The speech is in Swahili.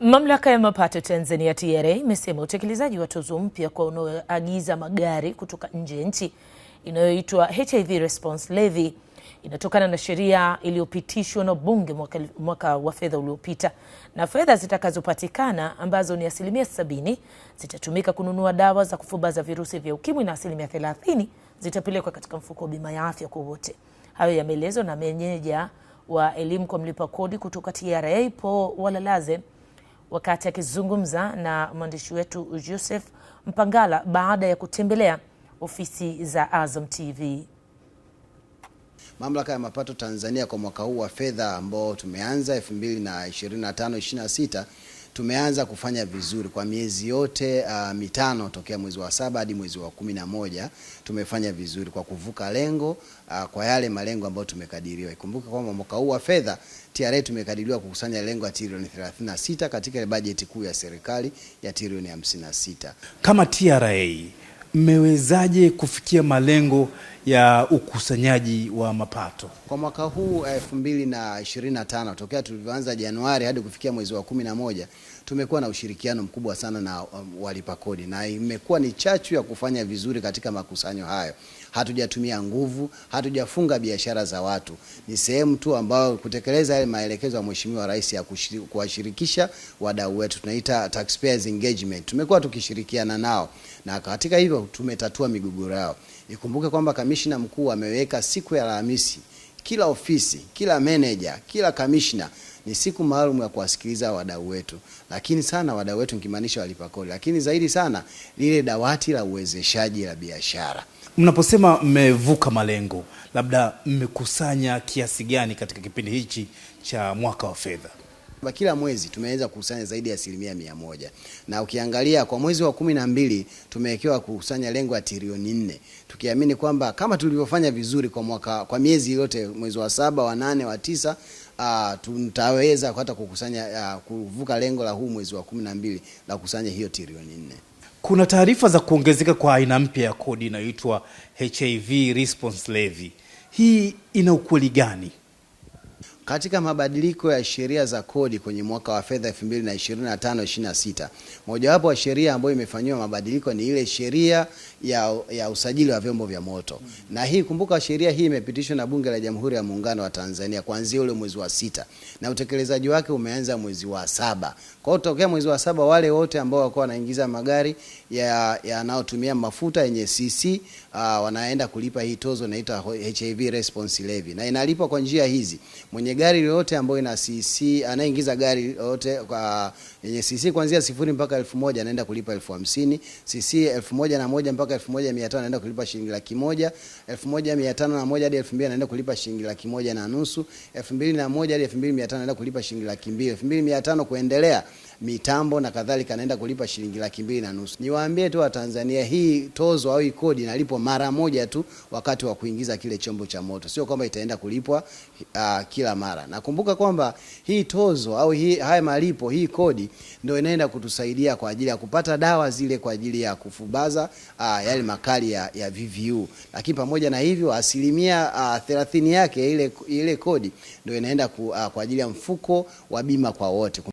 Mamlaka ya mapato Tanzania TRA imesema utekelezaji wa tozo mpya kwa unaoagiza magari kutoka nje ya nchi inayoitwa HIV Response Levy inatokana na sheria iliyopitishwa na Bunge mwaka, mwaka wa fedha uliopita, na fedha zitakazopatikana ambazo ni asilimia sabini zitatumika kununua dawa za kufubaza virusi vya UKIMWI na asilimia thelathini zitapelekwa katika mfuko wa bima ya afya kwa wote. Hayo yameelezwa na meneja wa elimu kwa mlipa kodi kutoka TRA Paul Walalaze wakati akizungumza na mwandishi wetu Joseph Mpangala baada ya kutembelea ofisi za Azam TV. Mamlaka ya Mapato Tanzania kwa mwaka huu wa fedha ambao tumeanza 2025 26 tumeanza kufanya vizuri kwa miezi yote uh, mitano tokea mwezi wa saba hadi mwezi wa kumi na moja tumefanya vizuri kwa kuvuka lengo uh, kwa yale malengo ambayo tumekadiriwa. Ikumbuke kwamba mwaka huu wa fedha TRA tumekadiriwa kukusanya lengo ya trilioni 36 katika bajeti kuu ya serikali ya trilioni 56. Kama TRA mmewezaje kufikia malengo ya ukusanyaji wa mapato kwa mwaka huu 2025. Eh, tokea tulivyoanza Januari hadi kufikia mwezi wa kumi na moja tumekuwa na ushirikiano mkubwa sana na um, walipa kodi na imekuwa ni chachu ya kufanya vizuri katika makusanyo hayo. Hatujatumia nguvu, hatujafunga biashara za watu, ni sehemu tu ambayo kutekeleza yale maelekezo ya Mheshimiwa Rais ya kuwashirikisha wadau wetu, tunaita taxpayers engagement. Tumekuwa tukishirikiana nao na katika hivyo tumetatua migogoro yao. Ikumbuke kwamba kamishna mkuu ameweka siku ya Alhamisi, kila ofisi, kila meneja, kila kamishna ni siku maalum ya kuwasikiliza wadau wetu, lakini sana wadau wetu nikimaanisha walipa kodi, lakini zaidi sana lile dawati la uwezeshaji la biashara. Mnaposema mmevuka malengo, labda mmekusanya kiasi gani katika kipindi hichi cha mwaka wa fedha? Kila mwezi tumeweza kukusanya zaidi ya asilimia mia moja na ukiangalia kwa mwezi wa kumi na mbili tumewekewa kukusanya lengo ya trilioni nne tukiamini kwamba kama tulivyofanya vizuri kwa mwaka, kwa miezi yote mwezi wa saba wa nane wa tisa uh, tutaweza hata kukusanya uh, kuvuka lengo la huu mwezi wa kumi na mbili la kukusanya hiyo trilioni nne. Kuna taarifa za kuongezeka kwa aina mpya ya kodi inayoitwa HIV response levy. Hii ina ukweli gani? Katika mabadiliko ya sheria za kodi kwenye mwaka wa fedha 2025-26, mojawapo wa sheria ambayo imefanyiwa mabadiliko ni ile sheria ya, ya usajili wa vyombo vya moto mm -hmm. Na hii kumbuka, sheria hii imepitishwa na Bunge la Jamhuri ya Muungano wa Tanzania kuanzia ule mwezi wa sita na utekelezaji wake umeanza mwezi wa saba. Kwa hiyo tokea mwezi wa saba wale wote ambao walikuwa wanaingiza magari yanayotumia ya mafuta yenye CC uh, ah, wanaenda kulipa hii tozo inaitwa HIV response levy na inalipwa kwa njia hizi mwenye gari yoyote ambayo ina CC, anaingiza gari yoyote kwa yenye CC kuanzia sifuri mpaka elfu moja anaenda kulipa elfu hamsini CC elfu moja na moja mpaka elfu moja mia tano anaenda kulipa shilingi laki moja elfu moja mia tano na moja hadi elfu mbili anaenda kulipa shilingi laki moja na nusu elfu mbili na moja hadi elfu mbili mia tano anaenda kulipa shilingi laki mbili elfu mbili mia tano kuendelea mitambo na kadhalika, naenda kulipa shilingi laki mbili na nusu. Niwaambie tu Watanzania, hii tozo au hii kodi inalipwa mara moja tu wakati wa kuingiza kile chombo cha moto, sio kwamba itaenda kulipwa uh, kila mara. Nakumbuka kwamba hii tozo au hii, haya malipo, hii kodi ndio inaenda kutusaidia kwa ajili ya kupata dawa zile kwa ajili ya kufubaza uh, yale makali ya, ya VVU, lakini pamoja na hivyo asilimia uh, thelathini yake ile, ile kodi ndio inaenda ku, uh, kwa ajili ya mfuko wa bima kwa wote.